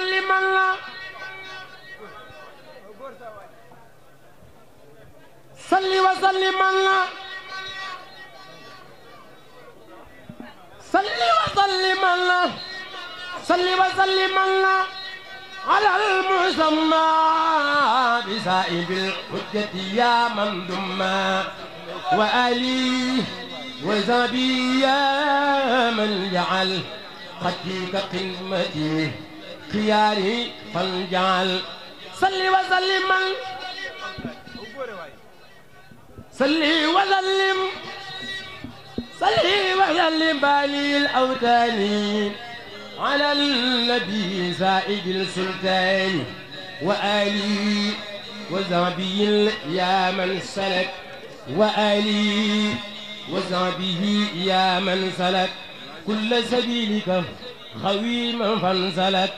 وسلم الله صلي وسلم الله صلي وسلم الله صلي وسلم الله على المسمى بسائب الحجة يا من دم وآلي وزبي يا من جعل خطيك قمتي خياري فالجعل صلي وسلم صلي وسلم صلي وسلم بالي الاوثان على النبي سائد السلطان وآلي وزعبي يا من سلك وآلي وزعبه يا من سلك كل سبيلك خويما فانسلك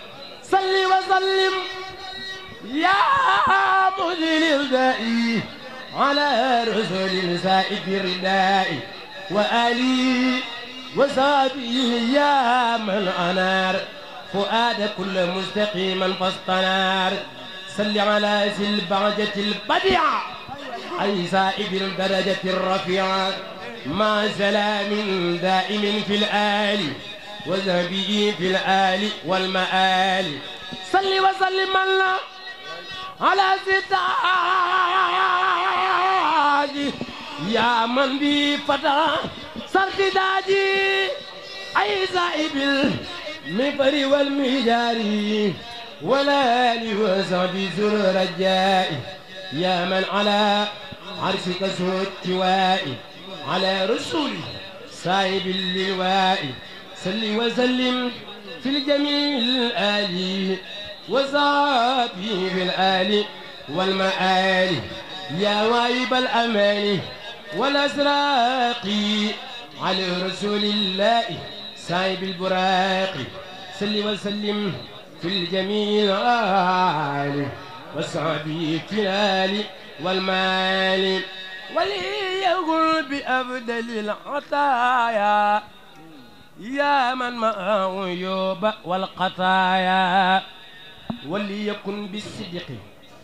صل وسلم يا مجل الدائي على رسول سائد الرداء وآلي وصحبه يا من أنار فؤاد كل مستقيما فاستنار صل على ذي البديع البديعة أي سائد الدرجة الرفيعة مع سلام دائم في الآلي وذهبه في الآل والمآل صل وسلم الله على ستاج يا من بي فتى سرتداجي أي صاحب المفر والمجاري ولا لوزعبي زر رجائي يا من على عرشك زهد التوائي على رسول صاحب اللوائي سل وسلم في الجميع الآلي وصحبه في الآلي والمآلي يا وايب الأمان والأزراقي على رسول الله سايب البراق سل وسلم في الجميع الآلي وصحبه في الآل والمآل يقول بأفضل العطايا يا من معه يوب والقطايا وليكن بالصدق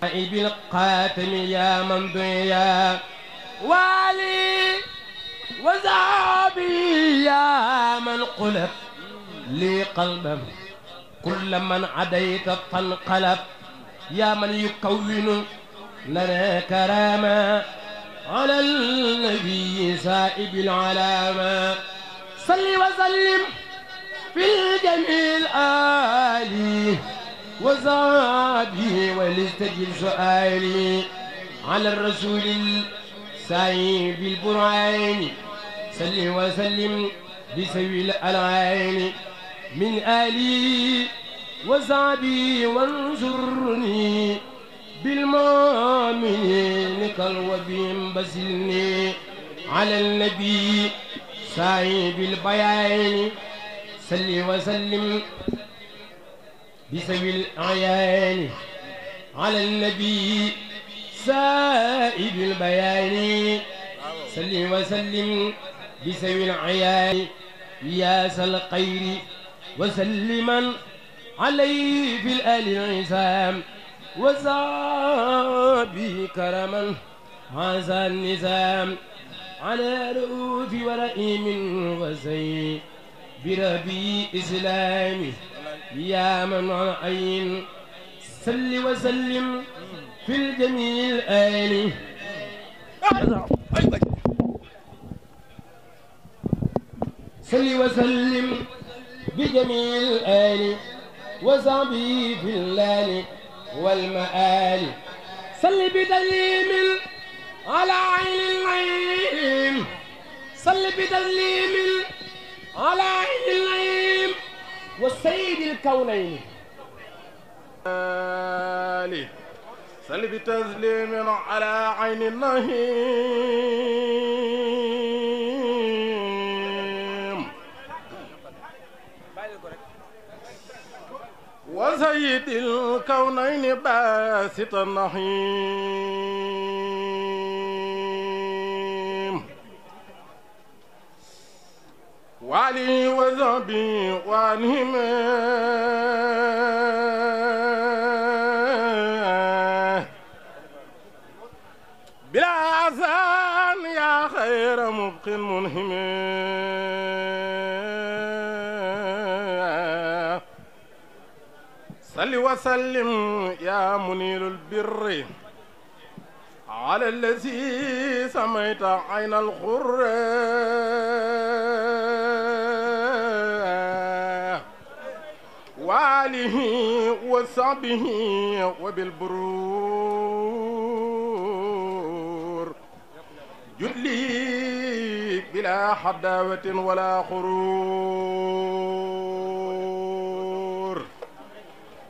نائب القاتم يا من ضيا والي وزعبي يا من قلب لي قلبا كل من عديت فانقلب يا من يكون لنا كرامة على النبي سائب العلامة صل وسلم في الجميل آلي وزادي ولستجل سؤالي على الرسول السعيد البرعين صل وسلم بسوي الألعين من آلي وزعبي وانصرني بالمؤمنين قلوبهم بسلني على النبي صاحب البيان صلي وسلم بسوي الأعيان على النبي سائب البيان صلي وسلم بسوي العيان يا سلقير وسلما عليه في الآل العزام وصابي كرما هذا النزام على رؤوف من غزي بربي إسلامي يا من عين سل وسلم في الجميل آلي سل وسلم بجميل آلي وصعبي في اللالي والمآلي سل بدليل على عين العين بتسليم على عين النعيم والسيد الكونين سل بتسليم على عين النهيم وسيد الكونين باسط النحيم وعلي وذبي وعنهم بلا أذان يا خير مبق منهم صل وسلم يا منير البر على الذي سميت عين الخر وآله وصابه وبالبرور جدلي بلا حداوة ولا خرور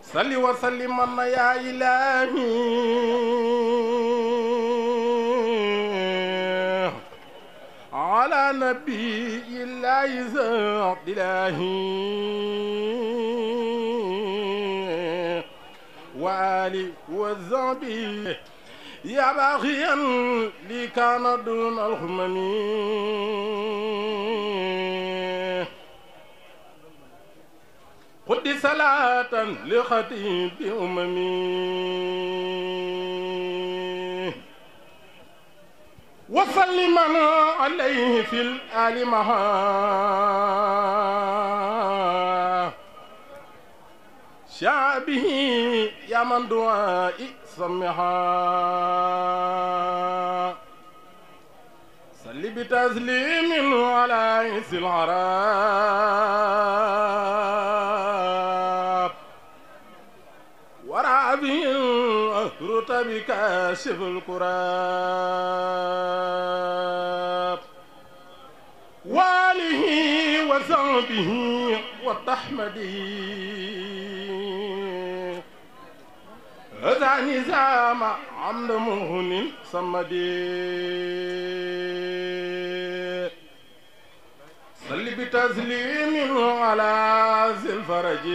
صلي وسلم يا إلهي يا نبي الله عبد الله وعلي والزبي يا باغيا لي كان دون الهمم قد صلاة لخطيب أممي وسلمنا عليه في الآل مها شعبه يا من دعاء سمها سل بتسليم على عيس العراء ورابي الرتب كاشف الكراب واله وصحبه وتحمده هذا نظام عمد مهن صمدي صل بتسليم على ذي الفرج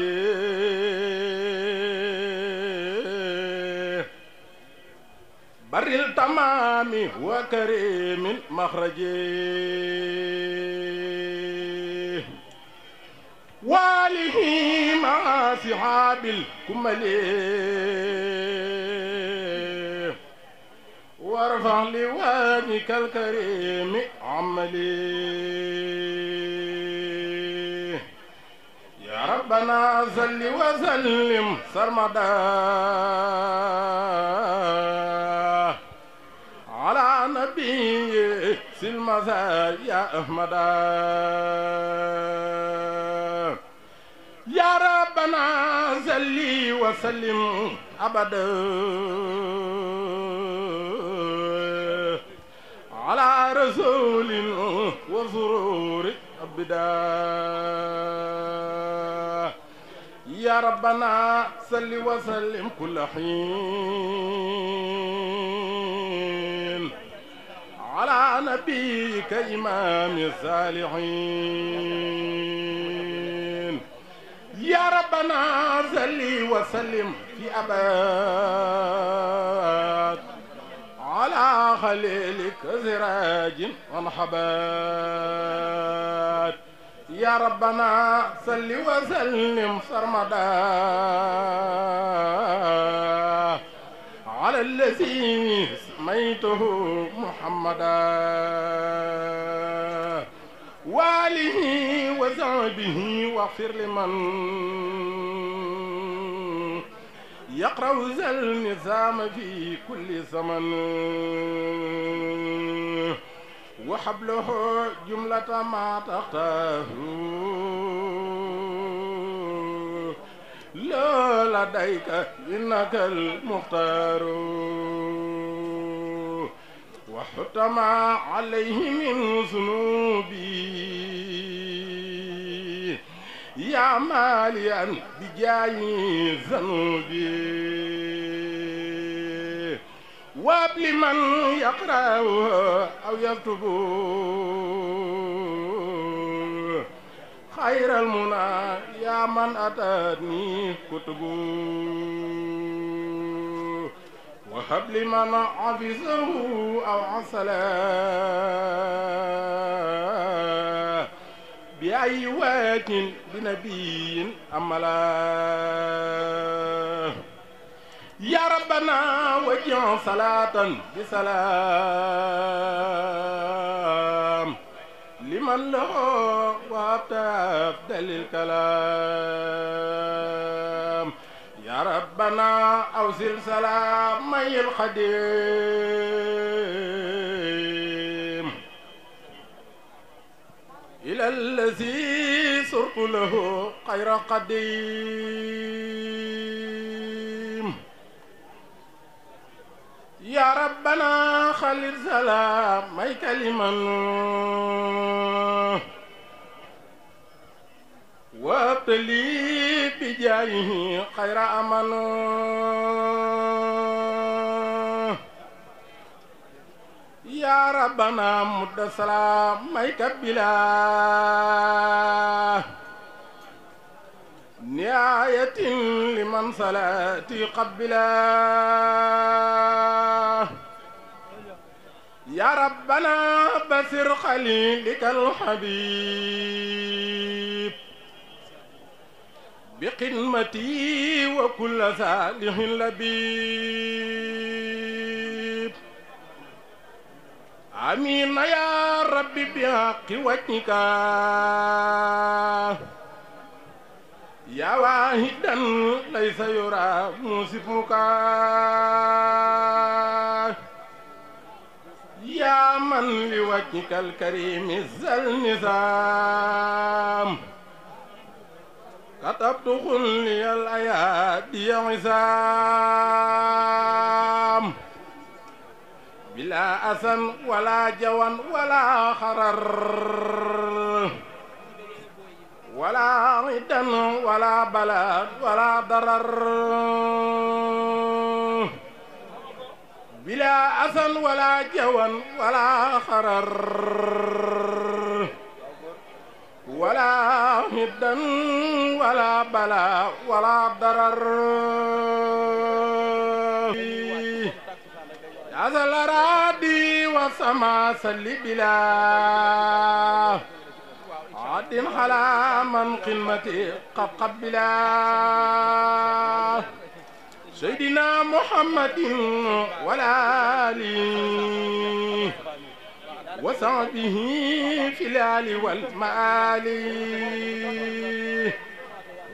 بر التمام وكريم مخرجي واله مع سحاب الكمل وارفع لوانك الكريم عملي يا ربنا صل وسلم سرمدان يا أحمد يا ربنا صل وسلم أبدا على رسول وزرور أبدا يا ربنا صل وسلم كل حين على نبيك إمام الصالحين يا ربنا صل وسلم في أباد على خليلك زراج وانحبات يا ربنا صل وسلم سرمدا على الذي سميته محمد وآله وصحبه واغفر لمن يقرأ النظام في كل زمن وحبله جملة ما تختار لا لديك إنك المختار واحتمى عليه من ذنوبي يا ماليا بجاي ذنوبي وابل من يقرأ أو يكتب خير المنى يا من أتتني كتبه وحبل ما عبثه أو عسلا بأي وات بنبي أملا يا ربنا وجه صلاة بسلام لمن له وابت أفضل الكلام ربنا سلام مي القديم إلى الذي صرت له خير قديم يا ربنا خلل مي كلمه وهبت بجايه خير أمن يا ربنا مد سلاميك بلا نهاية لمن صلاتي قبلا يا ربنا بسر خليلك الحبيب بقمتي وكل صالح لبيب امين يا ربي بحق وجهك يا واحدا ليس يرى موسفك يا من لوجهك الكريم الزل نظام كتبت خلي الأيادي عزام بلا أسن ولا جوان ولا خرر ولا ردا ولا بلاد ولا ضرر بلا أسن ولا جوان ولا خرر ولا هدا ولا بلاء ولا ضرر هذا الأراضي وسما سل بلا عد حلا من قمة قد قبلا سيدنا محمد ولا آله وصحبه في الآل والمال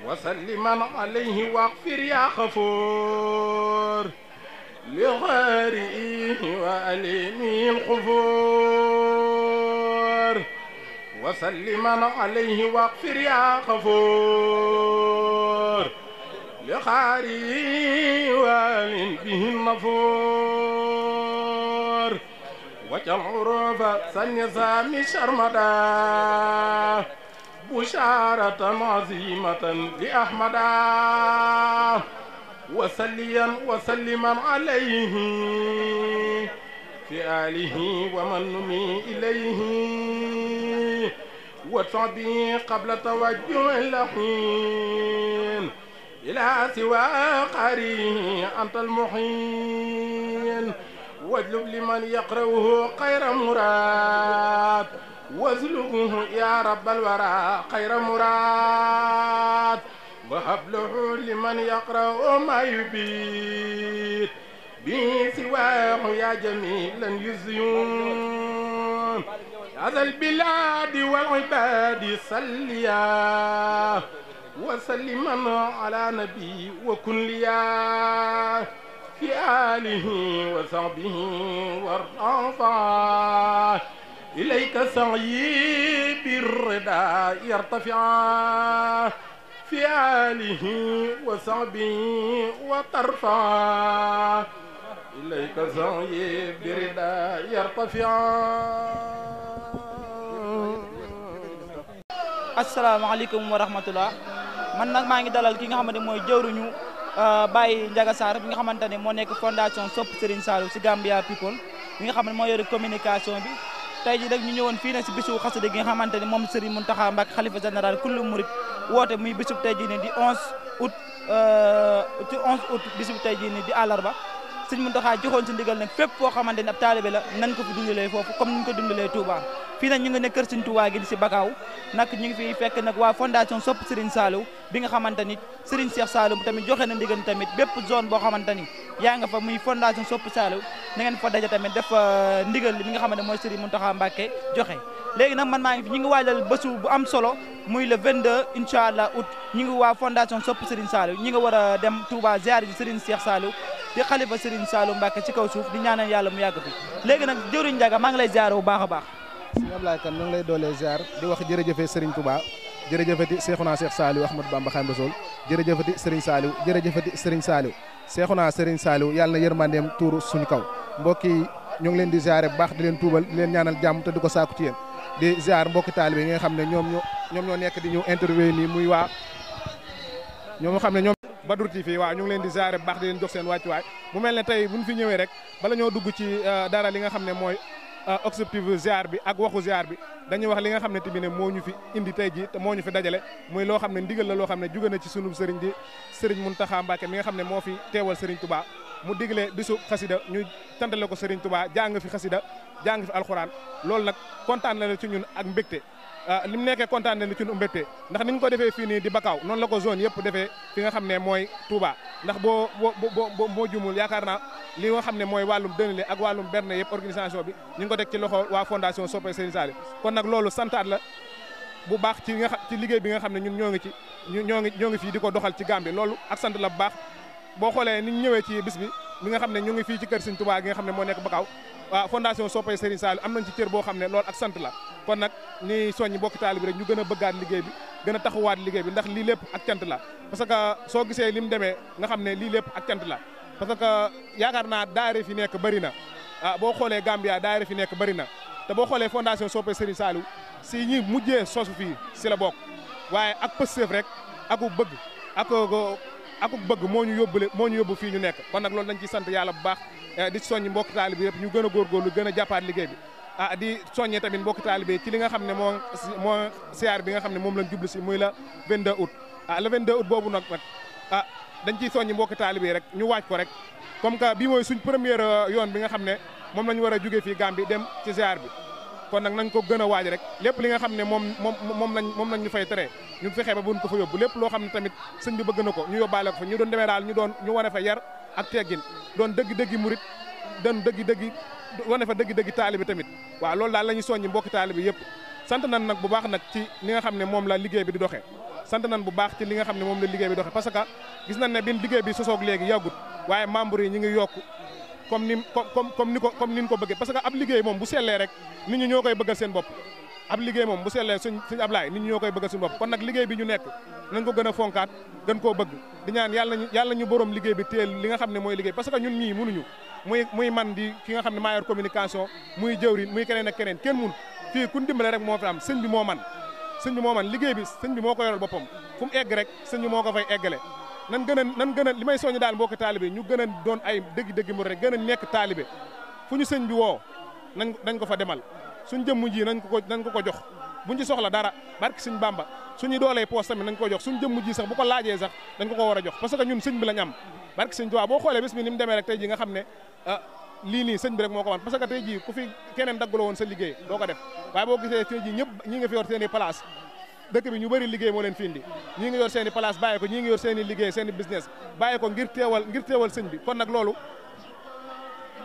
وسلم عليه واغفر يا غفور لغارئه وأليمه الخفور وسلم عليه واغفر يا غفور لغارئه به النفور وجل حروف سنظام شرمدا بشارة عظيمة لأحمدا وسليا وسلما عليه في آله ومن نمي إليه وتعبي قبل توجه اللحين إلى سوى قريه أنت المحين واجلب لمن يقرأه خير مراد واجلبه يا رب الورى خير مراد وهب له لمن يقرأ ما يبيت به سواه يا جميلا يزيون هذا البلاد والعباد صليا وسلما على نبي وكن لياه بآله وصحبه والرفع إليك سعي بالرضا يرتفع في آله وصحبه وترفع إليك سعي بالرضا يرتفع asalaamaaleykum wa rahmatullah man nag maa ngi dalal ki nga xamante mooy jëwruñu Euh, Baye Ndiaga Sarr bi nga xamante ne moo nekk fondation Sopp Serigne Saliou si Gambia People bi nga xam ne moo yore communication bi tey ji nag ñu ñëwoon fii nag si bisu xasida gi nga xamante ne moom Serigne Mountakha Mbacké xalifa général kullu murid woote muy bisub tey jii nii di 11 août euh, ci 11 août bisub tey jii nii di àllarba sëñ Muntaxa joxoon ci ndigal nag fépp foo xamante ne ab taalibe la nan ko fi dundalee foofu comme ni ñu ko dundalee Touba fii na ñu ngi ne kër sëñ Touba gi si Bakaaw nag ñu ngi bi nga xamante ni Serigne Cheikh Saliou tamit joxe na ndigal tamit bépp zone boo xamante ni yaa nga fa muy fondation sopp Saliou na ngeen fa daje tamit def euh, ndigal li nga xamante mooy Serigne Muntaxa Mbàkke joxe léegi nag man maa ngi fi ñu ngi waajal bésu bu am solo muy le 22 incha allah août ñu ngi waa fondation sopp Serigne Saliou ñu ngi war a dem Touba ziar ji Serigne Cheikh Saliou di xalifa Serigne Saliou Mbacke ci kaw suuf di ñaanal yàlla mu yàgg fi léegi nag jëriñ Ndiaga maa ngi lay ziar bu baax a baax sëñ Ablaye Kane ñu lay doolee ziar di wax jërëjëfe Serigne Touba jërëjëfati Seexuna Seex Saliou Ahmadou Bamba Xaadimu Rasuul jërëjëfati Serigne Saliou jërëjëfati Serigne Saliou Seexuna Serigne Saliou yàlla na yërmandeem tuuru suñu kaw mbokk yi ñu ngi leen di ziare bu baax di leen tuubal di leen ñaanal jàmm te di ko saaku ci yéen di ziar mbokki taalibe yi nga xam ne ñoom ñoo ñoom ñoo nekk di ñu interview nii muy waa ñoom xam ne ñoom Badru fi waaw ñu ngi leen di ziare bu baax di leen jox seen mu mel ne tey buñ fi ñëwee rek bala ñoo dugg ci euh, dara li nga xam ne mooy euh, objectif ziar bi ak waxu ziar bi dañuy wax li nga xam ne tamit ne moo ñu fi indi tey ji moo ñu fi dajale muy loo xam ne ndigal la loo xam ne jóge na ci sunub sëriñ di sëriñ Muntaxa Mbàkke mi nga xam ne moo fi teewal sëriñ Tuubaa mu digle bisu xasida ñu tantale ko sëriñ tubaa jàng fi xasida jàng fi alxuraan loolu nag kontaan la ci ñun ak mbégte Ah, lim mu contane kontaan ci ñu mbété ndax niñ ko défé fii di bakaw non la ko zone yépp défé fi nga xamné moy Touba ndax bo bo jumul li nga ak organisation bi ko ci loxo fondation kon la bu baax ci nga ci liggéey bi nga ñun ci doxal ci Gambie ak sant boo xoolee ni ñu ñëwee ci bis bi mi nga xam ne ñu ngi fii ci kër Serigne Touba gi nga xam ne moo nekk Bakaaw waaw fondation Soppay Serigne Saliou am nañ ci cër boo xam ne loolu ak sant la kon nag ni soññ bokki taali bi rek ñu gën a bëggaat liggéey bi gën a taxawaat liggéey bi ndax lii lépp ak cant la parce que soo gisee li mu demee nga xam ne lii lépp ak cant la parce que yaakaar naa daare fi nekk bëri na ah boo xoolee Gambia daare fi nekk bëri na te boo xoolee fondation Soppay Serigne Saliou si mujjee sosu fii si la bokk waaye ak pësteef rek aku bëgg ak akuk bëgg moo ñu yóbbule moo ñu yóbbu fii ñu nekk kon nag loolu dañ ci sant yàlla bu baax eh, di soññ mbokki taalibe yëpp ñu gën a góorgóorlu gën a jàppaat liggéey bi ah di soññee tamit mbokki taalibe ci li nga xam ne moo moo siyaar bi nga xam ne moom lañ jublu si muy la 22 ut a le 22 août boobu nag nag ah dañ ciy soññ mbokki taalibe rek ñu waaj ko rek comme que bii mooy suñ première euh, yoon bi nga xam ne moom la ñu war a jóge fii bi dem ci siyaar bi kon nag nañ ko gën waaj rek lépp li nga xam ne moom moom moom lañ moom lañ ñu fay tere ñu fexe ba buñ ko fa yóbbu lépp loo xam ne tamit sëñ bi bëgg na ko ñu yóbbaale ko fa ñu doon demee daal ñu doon ñu wane fa yar ak teggin doon dëgg-dëggi murit doon dëgg-dëggi wane fa dëgg-dëggi taalibi tamit waaw loolu daal la ñu soññi mbokki taalibi yëpp sant nan nag bu baax nag ci li nga xam ne moom la liggéey bi di doxee sant nan bu baax ci li nga ne moom la liggéey bi doxee parce que gis nañ ne bin liggéey bi sosoog léegi yàggut waaye membre yi ñu ngi yokku comme ni comme comme ni ko comme ni ko bëggee parce que ab liggéey moom bu sellee rek nit ñi ñoo koy bëggal seen bopp ab liggéey moom bu sellee suñ suñ ñi ñoo koy bëggal seen bopp kon nag liggéey bi ñu nekk nañ ko gën a gën koo bëgg di ñaan yàlla nañu yàlla ñu borom liggéey bi teel li nga xam ne mooy liggéey parce que ñun ñii mënuñu muy muy man di ki nga xam ne maa yor communication muy jëwriñ muy keneen ak keneen kenn fii kun dimbale rek moo fi am sëñ moo man sëñ bi moo man liggéey bi sëñ bi moo ko yoral boppam fu rek sëñ bi moo ko nan gën a nan gën a may soññ daal mbokk taalibe ñu gën a doon ay dëgg-dëgg mu rek gën nekk taalibe fu ñu sëñ bi woo nañ nañ ko fa demal suñ jëmm ji nañ ko ko ko ko jox buñ ñu soxla dara barki suñ bàmba suñu doolee poos tamit nañ ko jox suñ jëmm ji sax bu ko laajee sax dañ ko ko war a jox parce que ñun sëñ bi lañ am barki suñ tuwaa boo xoolee bés bi ni mu demee rek tey ji nga xam ne ah, lii nii sëñ bi rek moo ko man parce que ji ku fi keneen daggaloo woon sa liggéey doo ko def waaye boo gisee tey ji ñëpp ñi nga fi yor dëkk bi ñu bëri liggéey moo leen fi indi ñii ngi yor seen i place ko ñii ngi yor seen i liggéey seen i business bàyyi ko ngir teewal sëñ bi kon nag loolu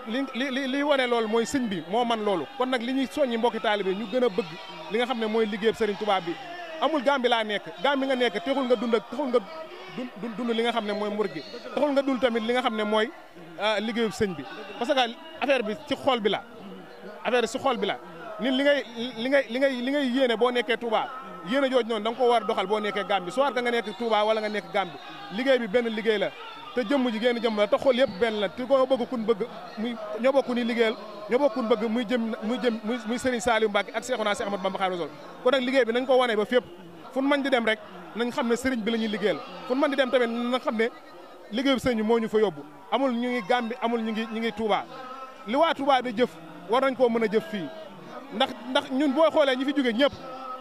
li li li wane loolu mooy sëñ bi moo man loolu kon nag li ñuy soññi mbokki taalibe ñu gën a bëgg li nga xam ne mooy liggéeyab sëriñ Tuubaa bi amul gaam bi laa nekk gaam bi nga nekk texul nga dund ak texul nga dund dund li nga xam ne mooy mur gi texul nga dund tamit li nga xam ne mooy ah, liggéeyub sëñ bi parce que affaire bi ci xol bi la affaire bi ci bi la nit li ngay li ngay li ngay li ngay yéene boo nekkee Tuubaa yéen a jooj noonu da nga ko war a doxal boo nekkee Gàmbi soit que nga nekk Touba wala nga nekk Gàmbi liggéey bi benn liggéey la te jëmm ji génn jëmm la te xool yëpp benn la te koo bëgg kun bëgg muy ñoo bokk ni liggéeyal bëgg muy jëm muy jëm muy Serigne Saliou Mbacké ak Cheikhouna Cheikh Ahmadou Bamba Khadimou Rassoul kon nag liggéey bi nañ ko wanee ba fépp fu mën di dem rek nañ xam ne Serigne bi la ñuy liggéeyal fu mën di dem tamit nañ xam ne liggéey bi Serigne bi moo ñu fa yóbbu amul ñu ngi Gàmbi amul ñu ngi ñu ngi Touba li waa Touba jëf war nañ koo mën a jëf fii ndax ndax ñun boo xoolee ñi fi jóge ñëpp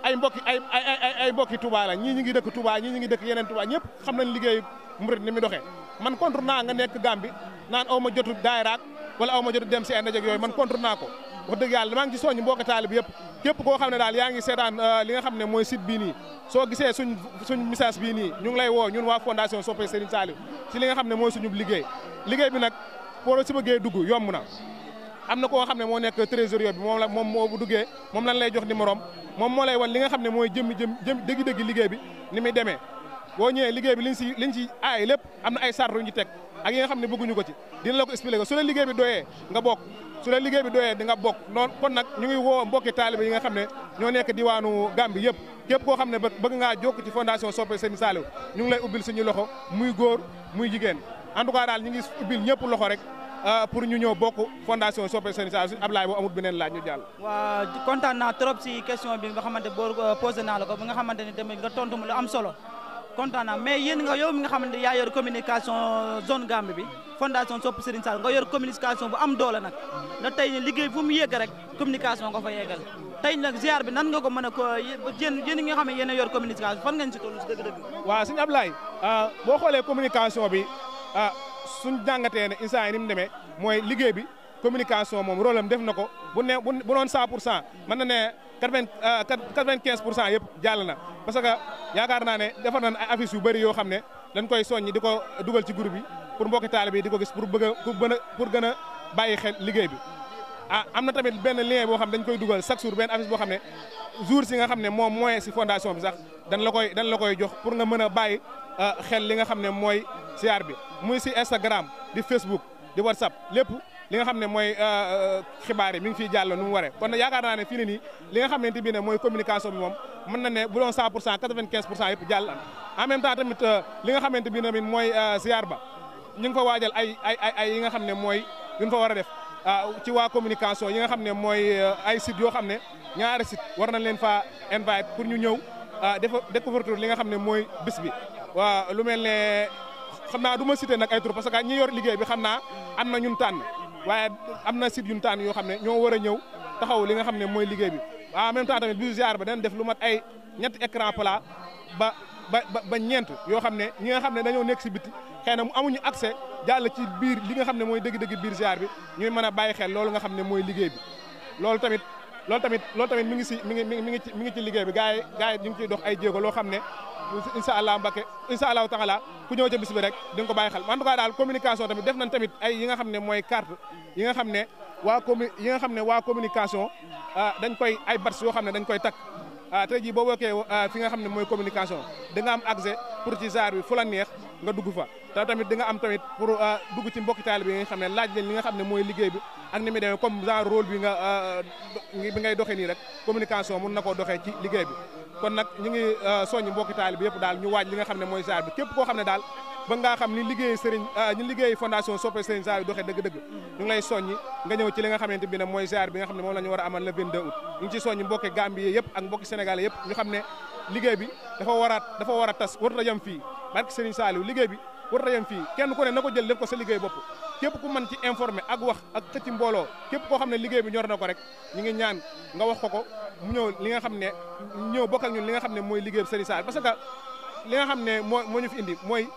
ay mbokki ay ay ay mbokki Touba la ñii ñu ngi dëkk tubaa ñii ñu ngi dëkk yeneen Touba ñëpp xam nañ liggéey murit ni mu doxee man contre naa nga nekk Gàmbi naan aw ma jotu daayiraak wala aw ma jotu dem si ay ndaje ak yooyu man contre naa ko wax dëgg yàlla maa ngi ci soññ mbokk taalib yëpp képp koo xam ne daal yaa ngi seetaan euh, li nga xam ne mooy site bii nii soo gisee suñ suñ message bii nii ñu ngi lay woo ñun waa fondation Soppe Serigne Saliou ci li nga xam ne mooy suñu liggéey liggéey bi nag pour si bëggee dugg yomb na am na koo xam ne moo nekk trésorier bi moom la moom moo bu duggee moom lan lay jox numéro moom moo lay wan li nga xam ne mooy jëmmi jëm jëm dëgg-dëgg liggéey bi ni muy demee boo ñëwee liggéey bi li si liñ si aay lépp am na ay sart yu ñu teg ak yi nga xam ne bëgguñu ko ci dina la ko expliquer su la liggéey bi doyee nga bokk su la liggéey bi doyee di nga bokk noonu kon nag ñu ngi woo mbokki taalibe yi nga xam ne ñoo nekk diwaanu Gambie yëpp képp koo xam ne bëgg ngaa jokk ci fondation Sope Serigne Saliou ñu ngi lay ubbil suñu loxo muy góor muy jigéen en tout cas ñu ngi ubbil ñëpp loxo rek Euh, pour ñu ñëw bokk fondation Sope Serigne Saliou Ablaye boo amul beneen laaj ñu jàll. waaw kontaan naa trop si question bi nga xamante boo euh, posé naa la ko bi nga xamante ni tamit nga tontu mu lu am solo kontaan naa mais yéen nga yow mi nga xamante yaa yor communication zone Gambie bi fondation Sope Serigne Saliou nga yor communication bu am doole nag na tey ne liggéey fu mu yegg rek communication nga fa yeggal tey nag ziar bi nan nga ko mën a ko yéen yéen nga xam ne yéen a yor communication fan ngeen si toll si euh, bi ah. sun jàngatee ne instant yi ni demee mooy liggéey bi communication moom rôle am def na ko bu ne bu doon 100 pour cent mën na ne euh, quatre-vingt-quinze pour cent yëpp jàll na parce que yaakaar naa ne defar nañ ay affiches yu bëri yoo xam ne dañ koy soññi di ko dugal ci groupe bi pour mbokki taalibe yi di ko gis pour bëgg a pour gën a bàyyi xel liggéey bi Ah, amna tamit ben lien bo xam dañ koy dugal chaque jour ben affiche bo xam jour si nga xam mo moom moyen si fondation bi sax dañ la koy dañ la koy jox pour nga mën a bàyyi euh, xel li nga xam moy mooy bi muy ci Instagram di Facebook di WhatsApp lepp li nga xam moy mooy euh, euh, xibaar mi ngi fi jàll nu mu waree kon yaakaar na né fii ni li nga xamante tibine moy communication bi mom mën na né bu doon 100 95 pour jall yëpp en même temps tamit li nga xamante tibine tamit moy siyaar ba ñu ngi fa wajal ay ay ay yi nga xam moy ñu yuñ fa wara def Ah, ci waa communication yi nga xam ne mooy euh, ay sites yoo xam ne ñaar site war nañ leen faa invite pour ñu ñëw ah, defa découvrir li nga xam ne mooy bis waa waaw lu mel ne xam naa du ma cité nag ay tur parce que ñi yor liggéey bi xam naa am na ñun tànn waaye am na site yun tànn yoo xam ne ñoo war a ñëw taxaw li nga xam ne mooy liggéey bi ah, en même temps tamit bisu ziar ba dañ def lu mat ay ñetti écran plat ba ba ba ñeent yoo xam ne ñi nga xam ne dañoo nekk si biti xëy amuñu accès jàll ci biir li nga xam ne deug deug ziar bi ñuy mëna xel loolu nga ne bi loolu tamit loolu tamit loolu tamit mi ngi ci mi ngi mi ngi ci bi ñu ngi dox ay ne allah taala ku ci bis bi rek xel en tout cas dal communication tamit def tamit ay yi nga gens ne carte yi nga ne yi nga communication ah, dañ koy ay dañ koy ah, ah, fi nga communication da nga am accès pour ci bi fu la neex nga dugg fa te tamit di nga am tamit pour euh, dugg ci mbokki taalibe yi nga xam ne laaj leen li nga xam ne mooy liggéey bi ak ni muy demee comme genre bi nga euh, bi ngay nii rek communication mun na koo doxee ci liggéey kon nag ñu ngi euh, soññ mbokki taalibe bi yëpp daal ñu waaj li nga xam ne mooy genre bi képp koo xam ne daal ba ngaa xam ni liggéey sëriñ ñu liggéey fondation soppe sëriñ Saliou doxee dëgg-dëgg ñu ngi lay soññi nga ñëw ci li nga xamante bi ne mooy ziar bi nga xam ne moom la ñu war a amal le 22 août ñu ngi ci soññi mbokki Gambie yëpp ak xam ne liggéey bi dafa waraat dafa war a tas warut a yem fii barke Serigne Saliou liggéey bi warut a yem fii kenn ku ne na ko jël def ko liggéey bopp képp ku mën ci informé ak wax ak xëcc mbooloo képp koo xam ne liggéey bi ñor ko rek ñu ngi ñaan nga wax ko ko mu ñëw li nga xam ne ñëw bokk ak li nga xam ne mooy liggéey bi Serigne Saliou parce li nga xam ne moo moo ñu fi indi mooy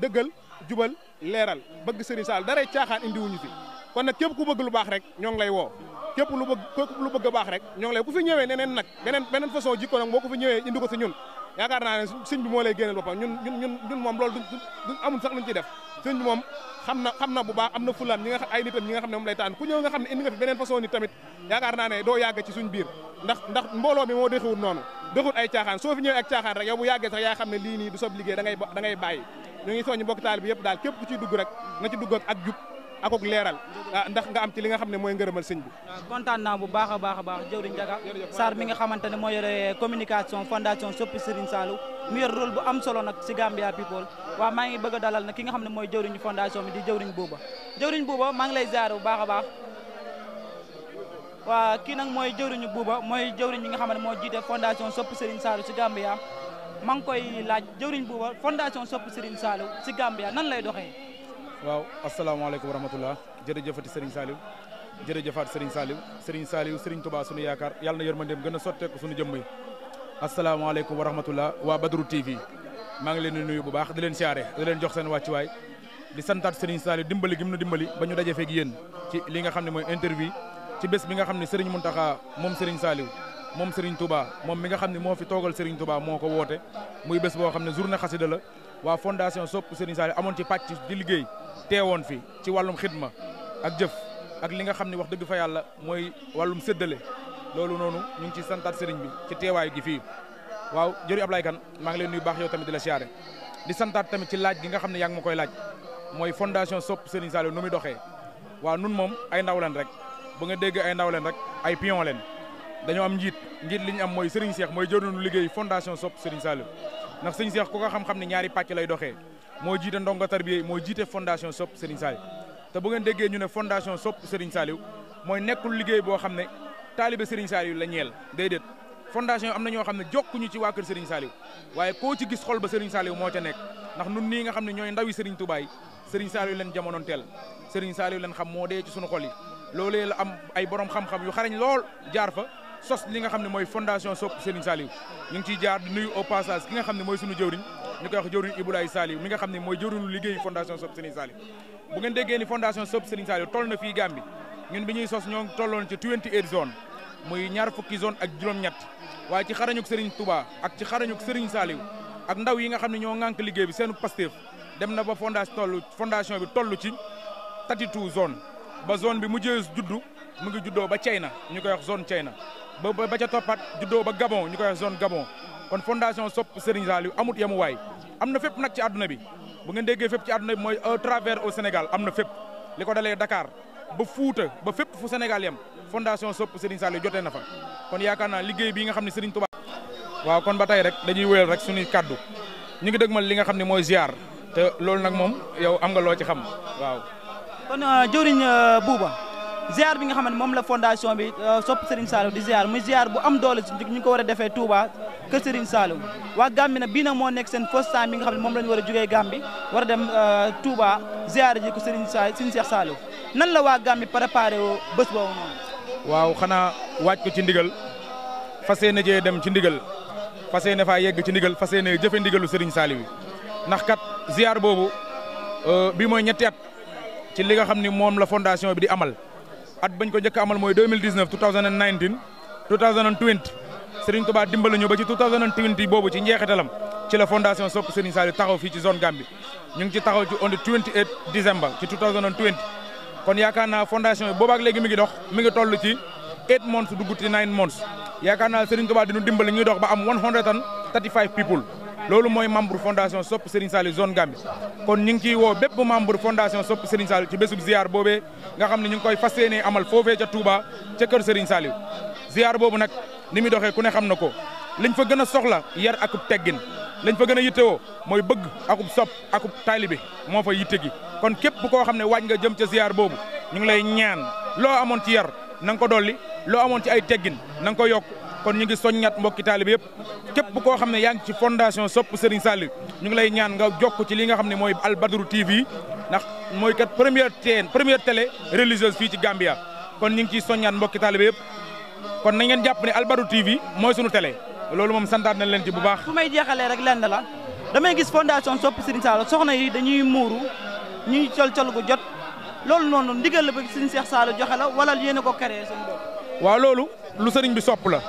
dëggal jubal leeral bëgg Serigne Saliou dara caaxaan indi wuñu fi kon nag képp ku bëgg lu baax rek ñoo ngi lay woo képp lu bëgg baax rek ñoo ngi ku fi ñëwee neneen nag beneen beneen façon jikko nag ko fi ñëwee indi ko si ñun yaakaar naa ne sëñ bi moo lay génneel boppam ñun moom loolu duñ amul sax luñ ciy def sëñ moom xam na xam na bu baax am na fulaan ñi nga xam ay nitam ñi nga xam ne moom lay taan ku ñëw nga xam ne indi nga fi beneen façon nit tamit yaakaar naa doo yàgg ci suñ biir ndax ndax mbooloo moo dëxiwul noonu dëxul ay caaxaan soo fi ñëwee ak caaxaan rek yow bu yàggee xam ne lii nii du sob liggéey da ngay da ngay bàyyi ñu ngi akuk leeral ah, ndax nga am ci li xam ne mooy ngërëmal sëñ bi kontaan naa bu baax a baax a baax jëwriñ Njaga Sarr mi nga xamante ne moo yore communication fondation soppi Serigne Saliou mu yor rôle bu am solo nag si Gambia people waaw maa ngi bëgg dalal na ki nga xam ne mooy jëwriñu fondation bi di jëwriñ booba jëwriñ booba maa ngi lay ziar bu baax a kii nag mooy jëwriñu buuba mooy jëwriñ bi nga xam ne moo jiite fondation Sopp Serigne Saliou si Gambia maa ngi koy laaj jëwriñ buuba fondation Sopp Serigne saalu si Gambia nan lay doxee waaw asalaamaaleykum wa rahmatullah jërëjëfati Serigne Saliou jërëjëfaat Serigne Saliou Serigne Saliou Serigne Touba sunu yaakaar yàlla na yërmandeem gën a sotteeku sunu jëmm yi asalaamaaleykum wa rahmatullah waa Badru TV maa ngi leen di nuyu bu baax di leen siyaare di leen jox seen wàccuwaay di santaat Serigne Saliou dimbali gi mu nu dimbali ba ñu daje feeg yéen ci li nga xam ne mooy interview ci bés bi nga xam ne Serigne Mountakha moom Serigne Saliou moom Serigne Touba moom mi nga xam ne moo fi toogal Serigne Touba moo ko woote muy bes boo xam ne journée xasida la waa fondation sopp Serigne Saliou amoon ci pàcc di liggéey teewoon fi ci wàllum xidma ak jëf ak li nga xam ne wax dëgg fa yàlla mooy wàllum séddale loolu noonu ñu ngi ci santaat Serigne bi ci teewaay gi fii waaw jëri Ablaye Kane maa ngi leen nuyu baax yow tamit di la siyaare di santaat tamit ci laaj gi nga xam ne yaa ngi ma koy laaj mooy fondation sopp Serigne Saliou nu muy doxee waaw nun moom ay rek bu nga dégg ay ndaw leen rek ay pion leen dañoo am njiit njiit li ñu am mooy Serigne Cheikh mooy jëriñu liggéey fondation sop Serigne Saliou ndax Serigne seex ku ko xam-xam ne ñaari pàcc lay doxee moo jiite ndongo tarbiye moo jiite fondation Sopp Serigne Saliou te bu ngeen déggee ñu ne fondation sop Serigne Saliou mooy nekkul liggéey boo xam ne taalibe Serigne Saliou la ñeel déedéet fondation am na ñoo xam ne jokkuñu ci waa kër Serigne Saliou waaye koo ci gis xol ba Serigne Saliou moo ca nekk ndax nun nii nga xam ne ñooy ndawi Serigne Touba yi Serigne Saliou leen jamonoon teel Serigne Saliou leen xam moo dee ci sunu xol yi loolee la am ay borom xam yu xarañ lool jaar fa sos ni nga xam ne mooy fondation Sopp Serigne Saliou ñu ngi jaar di nuyu au ki nga xam ne mooy sunu jëwriñ ñu koy wax jëwriñ Iboulaye Saliou mi nga xam ne mooy jëwriñu liggéey fondation Sopp Serigne Saliou bu ngeen déggee ni fondation Sopp Serigne Saliou toll na fii Gambie ñun bi ñuy sos ñoo tolloon ci 28 zone muy ñaar fukki zone ak juróom-ñett waaye ci xarañuk Serigne Touba ak ci xarañuk Serigne Saliou ak ndaw yi nga xam ne ñoo ŋànk liggéey bi seenu Pastef dem na ba fondation toll fondation bi toll ci tatitu zone ba zone bi mujjee juddu mu ngi juddoo ba China ñu koy wax zone China ba ba ca toppaat juddoo ba Gabon ñu koy wax zone Gabon kon fondation Sopp Serigne Saliou amut yemuwaay am na fépp nag ci àdduna bi bu ngeen déggee fépp ci àdduna bi mooy à travers au Sénégal am na fépp li ko dalee dakaar ba Fuuta ba fépp fu Sénégal yem fondation Sopp Serigne Saliou jotee na fa kon yaakaar naa liggéey bii nga xam ne Serigne Touba waaw kon ba tey rek dañuy wéyal rek suñuy kàddu ñu ngi dëgmal li nga xam ne mooy ziar te loolu nag moom yow am nga loo ci xam waaw. kon euh, jëwriñ euh, ziar bi nga xam ne moom la fondation bi euh, sopp Serigne Saliou di ziar muy ziar bu am doole si ñu ko war a defee Touba kër Serigne Saliou waa Gambie nag bii na moo nekk seen first time bi nga xam ne moom la ñu war a jugee Gambie war a dem euh, Touba ziar ji ko Serigne Saliou Serigne Cheikh Saliou nan la waa Gambie préparé woo bés boobu noonu. waaw xanaa waaj ko ci ndigal fas yéene jee dem ci ndigal fas yéene faa yegg ci ndigal fas yéene jëfe ndigalu Serigne Saliou ndax kat ziar boobu euh, bi mooy ñetti ci li nga xam ni moom la fondation bi di amal. at bañ ko njëkk mooy 2019 2019 2020 ba ci 2020 boobu ci njeexitalam ci la fondation Sopp Serigne Saliou taxaw fii ci zone Gambie ñu ci taxaw ci on the ci kon yaakaar naa fondation yi boobaak léegi mi ngi dox mi ngi toll ci 8 dugg ci 9 months yaakaar naa Serigne Touba dinu dimbali ñuy dox ba am 135 loolu mooy membre fondation sopp Serigne Saliou zone Gambie kon ñu ngi ciy woo bépp membre fondation sopp Serigne Saliou ci bésub ziar nga xam ne ñu ngi koy fas yéenee amal foofee ca Touba ca kër Serigne Saliou ziar boobu nag ni muy doxee ku ne xam na ko liñ fa gën a soxla yar akub teggin lañ fa gën a yittewoo mooy bëgg akub sopp akub taalibe moo fa yitte gi kon képp bu koo xam ne waaj nga jëm ca ziar boobu ñu ngi lay ñaan loo amoon ci yar na nga ko dolli loo amoon ci ay teggin na nga ko yokk kon ñu ngi soññaat mbokki taalib yëpp képp koo xam ne yaa ngi ci fondation sopp Serigne Saliou ñu ngi lay ñaan nga jokk ci li nga xam ne mooy Al Badru TV ndax mooy kat première chaîne première télé religieuse fii ci Gambia kon ñu ngi ciy soññaat mbokki taalib yëpp kon na ngeen jàpp ne Al Badru TV mooy sunu télé loolu moom santaat nañ leen ci bu baax. fu may jeexalee rek lenn la damay gis fondation sopp Serigne Saliou soxna yi dañuy muuru ñuy col col gu jot loolu noonu ndigal la ba Serigne Cheikh Saliou joxe la wala yéen a ko créé seen bopp. waaw loolu lu sëriñ bi sopp la.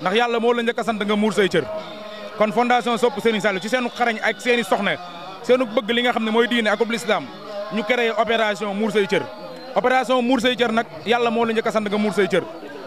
ndax yàlla moo la njëkk a sant nga muur say cër kon fondation sopp Serigne Saliou ci seenu xarañ ak seeni soxna seenu bëgg li nga xam ne mooy diine ak l'islam ñu créé opération muur say cër opération muur say cër nag yàlla moo la njëkk a sant nga muur say cër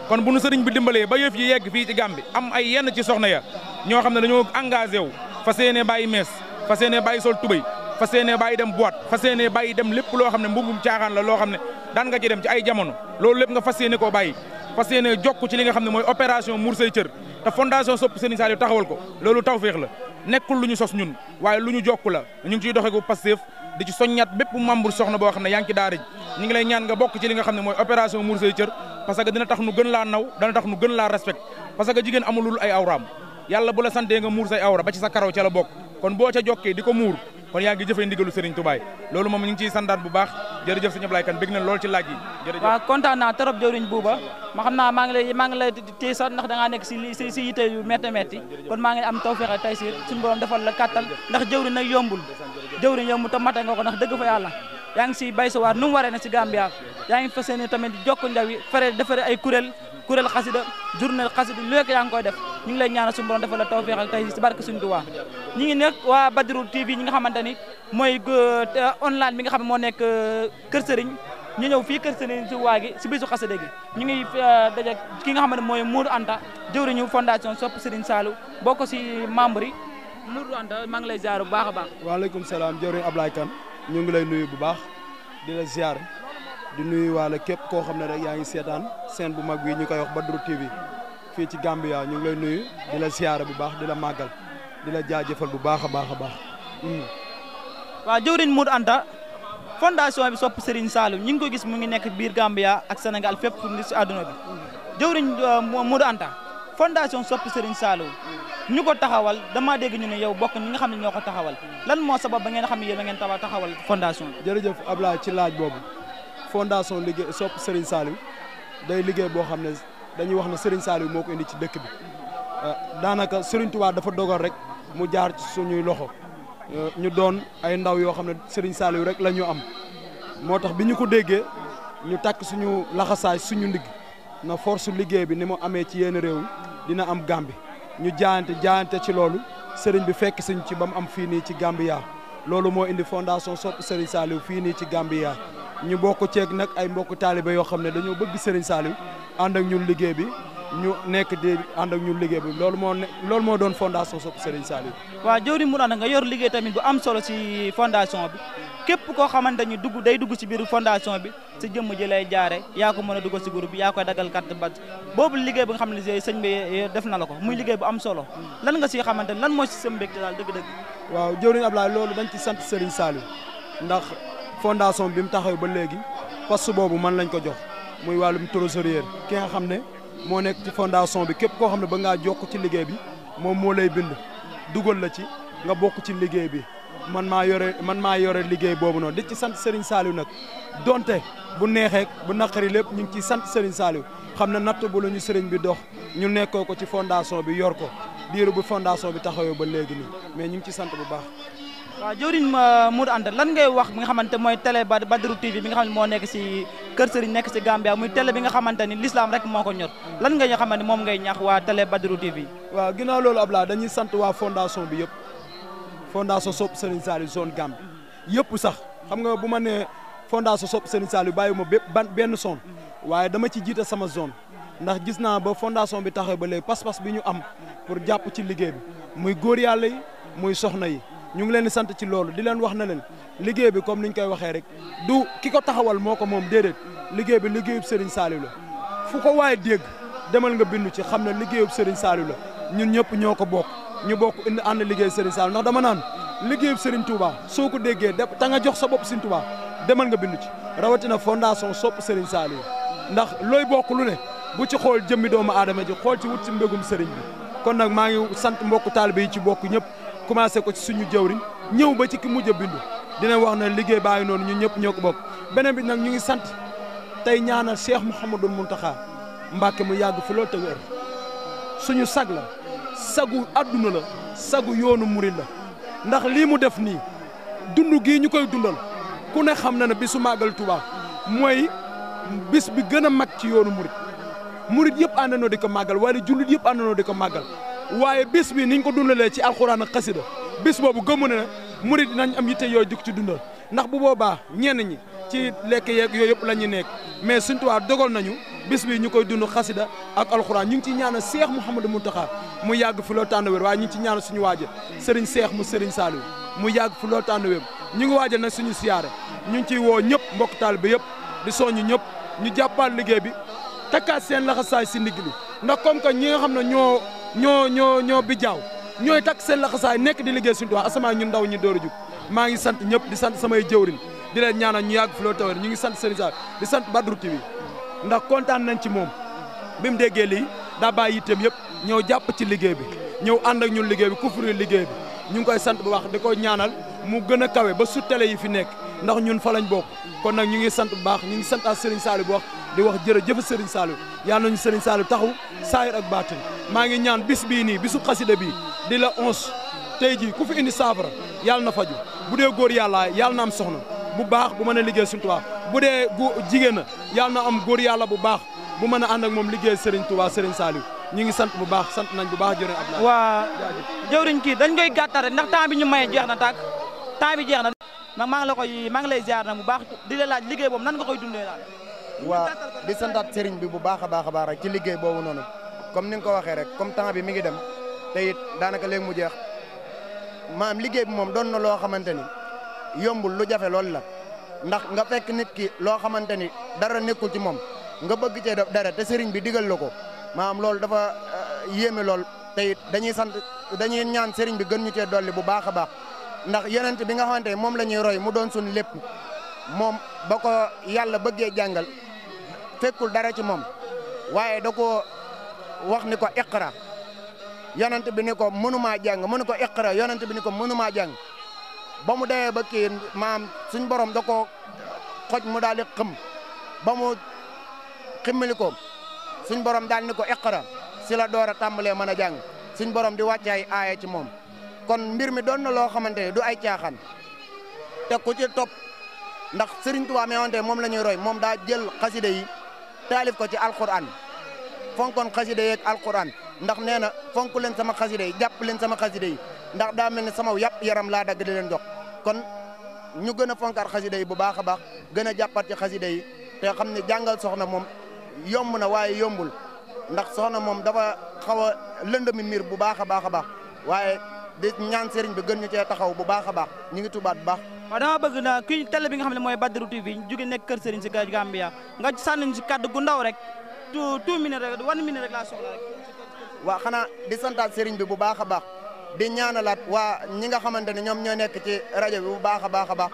kon bu nu sëriñ bi dimbalee ba yëf yi yegg fii ci Gàmbi am ay yenn ci soxna ya ñoo xam ne dañoo engagé wu fas yéene bàyyi mees fas yéene bàyyi sol tubéy fas yéenee bàyyi dem boîte fas yéenee bàyyi dem lépp loo xam ne mbubum caaxaan la loo xam ne daan nga ci dem ci ay jamono loolu lépp nga fas yéene koo bàyyi fas ci li nga xam ne mooy opération Mbuur say cër te fondation sopp Serigne Saliou taxawal ko loolu tawféex la nekkul lu ñu sos ñun waaye lu ñu jokk la ñu ngi ciy doxee ko Pastef di ci soññat bépp membre soxna boo xam ne yaa ngi ci daara ji ngi lay ñaan nga bokk ci li nga xam ne mooy opération Mbuur say cër parce que dina tax nu gën laa naw dina tax nu gën laa respect parce que la santee nga muur say awra ba sa karaw ca la bokk kon boo ca jokkee di ko muur kon yaangi ngi jëfee ndigalu Serigne Touba loolu mom ñu ci ciy bu baax jërëjëf sëñ Ablaye kan bég na lool ci laaj yi jërëjëf waaw kontaan naa trop jëriñ buuba ma xamna ma ngi lay ma ngi lay téye sax ndax da nga nek ci si yité yu metti metti kon ma ngi am tawfiq ak taysir suñu borom defal la katal ndax jëwriñ nag yombul jëwriñ yombul ta maté nga ko ndax dëgg fa yalla yaangi ci bay sa waar nu na ci Gambia yaangi ngi tamit jokk ndaw yi féré defare ay kurel kurel khassida journée khassida lek nekk koy def ñu ngi lay ñaanal suñu borom defal tawfiq ak tey ci barke suñu duwa ñi ngi nek wa Badiru TV ñi nga xamanteni moy euh, online mi nga xam mo nek euh, keur serigne ñu ñew fi keur serigne ci waagi ci bisu xasida gi ñi ngi euh, dajje ki nga xamanteni moy Mourou Anta jëwri ñu fondation sop serigne salu boko ci membre Mourou Anta ma ngi lay ziaru bu baaxa baax wa alaykum salam jëwri jëwriñ Ablaye Kane ñu ngi lay nuyu bu baax di la ziar di nuyu wala kep ko xamne rek yaangi ngi seetaan bu mag wi ñu koy wax Badru TV fii ci Gambia ñu ngi lay nuyu di la siyaara bu baax di la màggal di la jaajëfal bu baax a baax a baax. Hmm. waaw jëwriñ Mour Anta fondation bi sopp sëriñ Saloum ñu ngi ko gis mu ngi nekk biir Gambia ak Sénégal fépp ni si àdduna bi jëwriñ euh, Mour Anta fondation sopp Serigne Saloum ñu ko taxawal damaa dégg ñu ne yow bokk ñi nga xam ne ñoo ko taxawal lan moo sabab ba ngeen xam ne yéen a ngeen tawa taxawal fondation bi. jërëjëf Ablaye ci laaj boobu fondation liggéey sopp Serigne Saloum day liggéey boo xam ne dañuy wax ne Serigne Saliou moo ko indi ci dëkk bi euh, daanaka Serigne Touba dafa dogal rek mu jaar ci suñuy loxo euh, ñu doon ay ndaw yoo xam ne Serigne Saliou rek la ñu am moo tax bi ñu ko déggee ñu takk suñu laxasaay suñu ndigg na force liggéey bi ni mu amee ci yenn réew dina am Gàmbi ñu jaayante jaayante ci loolu Serigne bi fekk suñ ci ba mu am fii nii ci Gàmbi yaa loolu moo indi fondation Sopp Serigne Saliou fii nii ci Gambia ñu bokk ceeg nag ay mbokk taalibe yoo xam ne dañoo bëgg Serigne Saliou ànd ak ñun liggéey bi ñu nekk di ànd ak ñun liggéey bi loolu moo ne loolu moo doon fondation Sopp Serigne Saliou. waaw jëwriñ mu nga yor liggéey tamit bu am solo si fondation bi képp koo xamante ni dugg day dugg si biir fondation bi si jëmm ji lay jaare yaa ko mën a dugg si groupe yaa a dagal carte badge boobu liggéey bi nga xam ne sëñ bi eh, def na ko muy liggéey bu am solo lan nga si xamante ni lan mooy si sa mbégte daal dëgg-dëgg. waaw jëwriñ Ablaye loolu dañ ci sant Serigne Saliou ndax fondation bi mu taxaw ba léegi poste boobu man lañ ko jox muy wàllum trésorier ki nga xam ne moo nekk ci fondation bi képp koo xam ne ba ngaa jokk ci liggéey bi moom moo lay bind dugal la ci nga bokk ci liggéey bi man maa yore man maa yore liggéey boobu noonu di ci sant Serigne Saliou nag donte bu neexee bu naqari lépp ñu ngi ciy sant Serigne Saliou xam ne natt bu la ñu Serigne bi dox ñu nekkoo ko ci fondation bi yor ko diiru bu fondation bi taxawoo ba léegi nii mais ñu ngi ci sant bu baax. jorin ma mur Anta lan ngay wax bi nga xamante mooy télé Badru TV bi nga xam ne nek nekk si kër nek nekk Gambia muy télé bi nga xamante ni l'islam rek moo ko ñor lan nga xam ne moom ngay ñaax waa télé Badru TV waaw lo lo Abla dañuy sant waa fondation bi yëpp fondation Sopp Serigne Saliou zone Gambie yëpp sax xam nga bu ma nee fondation Sopp Serigne Saliou bàyyi ma bépp ban benn zone waaye dama ci jiite sama zone ndax gis ba fondation bi taxaw ba léegi pas-pas bi ñu am pour japu ci liggéey bi muy góor yàlla yi muy soxna yi ñu ngi leen di sant ci loolu di leen wax na leen liggéey bi comme ni ñu ko waxee rek du ki ko taxawal moo ko moom déedéet liggéey bi liggéeyub Serigne Saliou la fu ko waaye dégg demal nga bindu ci xam ne liggéeyub Serigne Saliou la ñun ñëpp ñoo ko bokk ñu bokk indi ànd liggéey Serigne Saliou ndax dama naan liggéeyub Serigne Touba soo ko déggee da tanga jox sa bopp Serigne Touba demal nga bindu ci rawatina fondation sopp Serigne Saliou ndax looy bokk lu ne bu ci xool jëmmi doomu aadama ji xool si mbégum Serigne kon nag maa ngi sant mbokku taalibe ci bokk ñëpp commencé ko ci suñu jëwriñ ñëw ba ci ki mujj a bindu dina wax ne liggéey baa noonu ñu ñëpp ñoo ko bokk beneen bi nag ñu ngi sant tey ñaana ñaanal Cheikh Mouhamadul taxaar Mbàkke mu yàgg fi loolu te wér suñu sag la sagu àdduna la sagu yoonu murid la ndax lii mu def nii dund gii ñu koy dundal ku ne xam na ne su màggal Tuubaa mooy bis bi gën a mag ci yoonu murid murid yëpp àndandoo di ko màggal wala jullit yëpp àndandoo di ko màggal waaye bis bi niñ ko dundalee ci alxuraan ak xasida bis boobu gëmu ne murit dinañ am yitte yooyu dikk ci dundal ndax bu boobaa ñenn ñi ci lekk yeeg yooyu yëpp la ñuy nekk mais Sëñ Tuubaa dogal nañu bis bi ñu koy dund xasida ak alxuraan ñu ngi ciy ñaanal Seex Mouhamadou Mountakha mu yàgg fi loo tànn wér waaye ñu ngi ci ñaanal suñu waaje Serigne Seex mu Serigne Saliou mu yàgg fi loo tànn wér ñu ngi waajal nag suñu siyaare ñu ngi ciy woo ñëpp mbokk bi yëpp di soññu ñëpp ñu jàppal liggéey bi takkaat seen laxasaay si ndigg li ñoo ñoo ñoo bijaaw ñooy takk seen laxasaay nekk di liggéey suñu Tuubaa asamaan ñun ndaw ñi door a jug maa ngi sant ñëpp di sant samay jëwrin di leen ñaanal ñu yàgg Flo Tawfekh ñu ngi sant Serigne saak di sant Badru TV ndax kontaan nañ ci moom bi mu déggee lii daa bàyyi yitteem yëpp ñëw jàpp ci liggéey bi ñëw ànd ak ñun liggéey bi kufuri liggéey bi ñu ngi koy sant bu baax di ko ñaanal mu gën a kawe ba su télé yi fi nekk ndax ñun fa lañ bokk kon nag ñu ngi sant bu baax ñu ngi sant ak Serigne Sall di wax jërëjëf Serigne Saliou yal nañu Serigne Saliou taxu saayir ak baatin maa ngi ñaan bis bii nii bisu xasida bii di la onze tey jii ku fi indi saafara yàlla na faju bu dee góor yàlla yàlla na am soxna bu baax bu mën a liggéey Serigne bu dee jigéen na yàlla na am góor yàlla bu baax bu mën a ànd moom liggéey Serigne Touba Serigne Saliou ñu ngi sant bu baax sant nañ bu baax jërë Abdoulaye. waa jëwriñ kii dañ koy gàttal rek ndax temps bi ñu may jeex na tàkk temps bi jeex na. maa ngi la koy maa ngi lay ziar na bu baax di la laaj liggéey koy dundee daal waa di santaat sëriñ bi bu baax a baax a baax rek ci liggéey boobu noonu comme ni nga ko waxee rek comme bi mi ngi dem te it daanaka léegi mu jeex maam liggéey bi moom doon na loo xamante ni yombul lu jafe loolu la ndax nga fekk nit ki loo xamante ni dara nekkul ci moom nga bëgg cee def dara te sëriñ bi digal la ko maam loolu dafa euh, yéeme lool te it dañuy sant dañuy ñaan sëriñ bi gën ñu cee dolli bu baax a baax ndax yonent bi nga xamante ni moom la ñuy roy mu doon suñu lépp moom ba ko yàlla bëggee jàngal fekkul dara ci moom waaye da ko wax ni ko iqra yonent bi ni ko mënumaa jàng mënu ko iqra yonent bi ni ko mënumaa jàng ba mu dee ba kii maam suñ borom da ko xoj mu daal di xëm ba mu ximmili ko suñ borom daal ni ko iqra si la door a tàmbalee mën a jàng suñ borom di wàcce ay aaya ci moom kon mbir mi doon na loo xamante ne du ay caaxaan te ku ci topp ndax Serigne Touba mi wante moom la ñuy roy moom daa jël xasida yi taalif ko ci alquran fonkoon xasida yeeg alquran ndax nee na fonk leen sama xasida yi jàpp leen sama xasida yi ndax daa mel ni sama yàpp yaram laa dagg di leen jox kon ñu gën a fonkaat xasida yi bu baax a baax gën a jàppaat ci xasida yi te xam ne jàngal soxna moom yomb na waaye yombul ndax soxna moom dafa xawa lënd mi miir bu baax a baax a baax waaye di ñaan sëriñ bi gën ñu cee taxaw bu baax a baax ñu ngi tubaat bu baax waaw dama bëgg na kuy télé bi nga xam ne mooy Badiru TV ñu jóge nekk kër sëriñ si Gambia nga sànniñ si kàddu gu ndaw rek tout tout minute rek one minute rek laa soxla rek waaw xanaa di santaat sëriñ bi bu baax a baax di ñaanalaat waa ñi nga xamante ne ñoom ñoo nekk ci rajo bi bu baax a baax a baax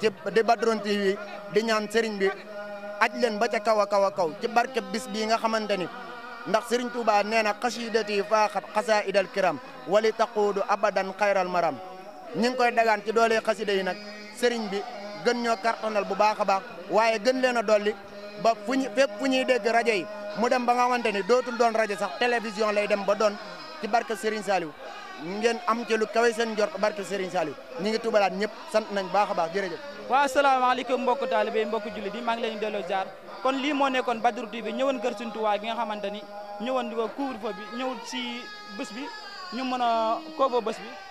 ci di Badrun TV di ñaan sëriñ bi aj leen ba ca kaw a kaw a kaw ci barke bis bii nga xamante ni ndax Serigne Touba nee na xasidati faaxat xasaidal kiram wali taquudu abadan xayral maram ñi ngi koy dagaan ci doole xasida yi nag Serigne bi gën ñoo kartonal bu baax a baax waaye gën leen a dolli ba fu ñu fépp fu ñuy dégg rajo yi mu dem ba nga xamante ni dootul doon rajo sax télévision lay dem ba doon ci barke Serigne Saliou ngeen am ci lu kawe seen njort barke Serigne Saliou ñi ngi tubalaat ñëpp sant nañ baax a baax jërëjëf waaw asalaamaaleykum mbokk taalibe mbokk jullit yi maa ngi leen di delloo jaar kon lii moo nekkoon Badru TV ñëwoon Kër Sëriñ Tuubaa gi nga xamante ni ñëwoon couvre-feu bi ñëw si bés bi ñu mën a kooboo bës bi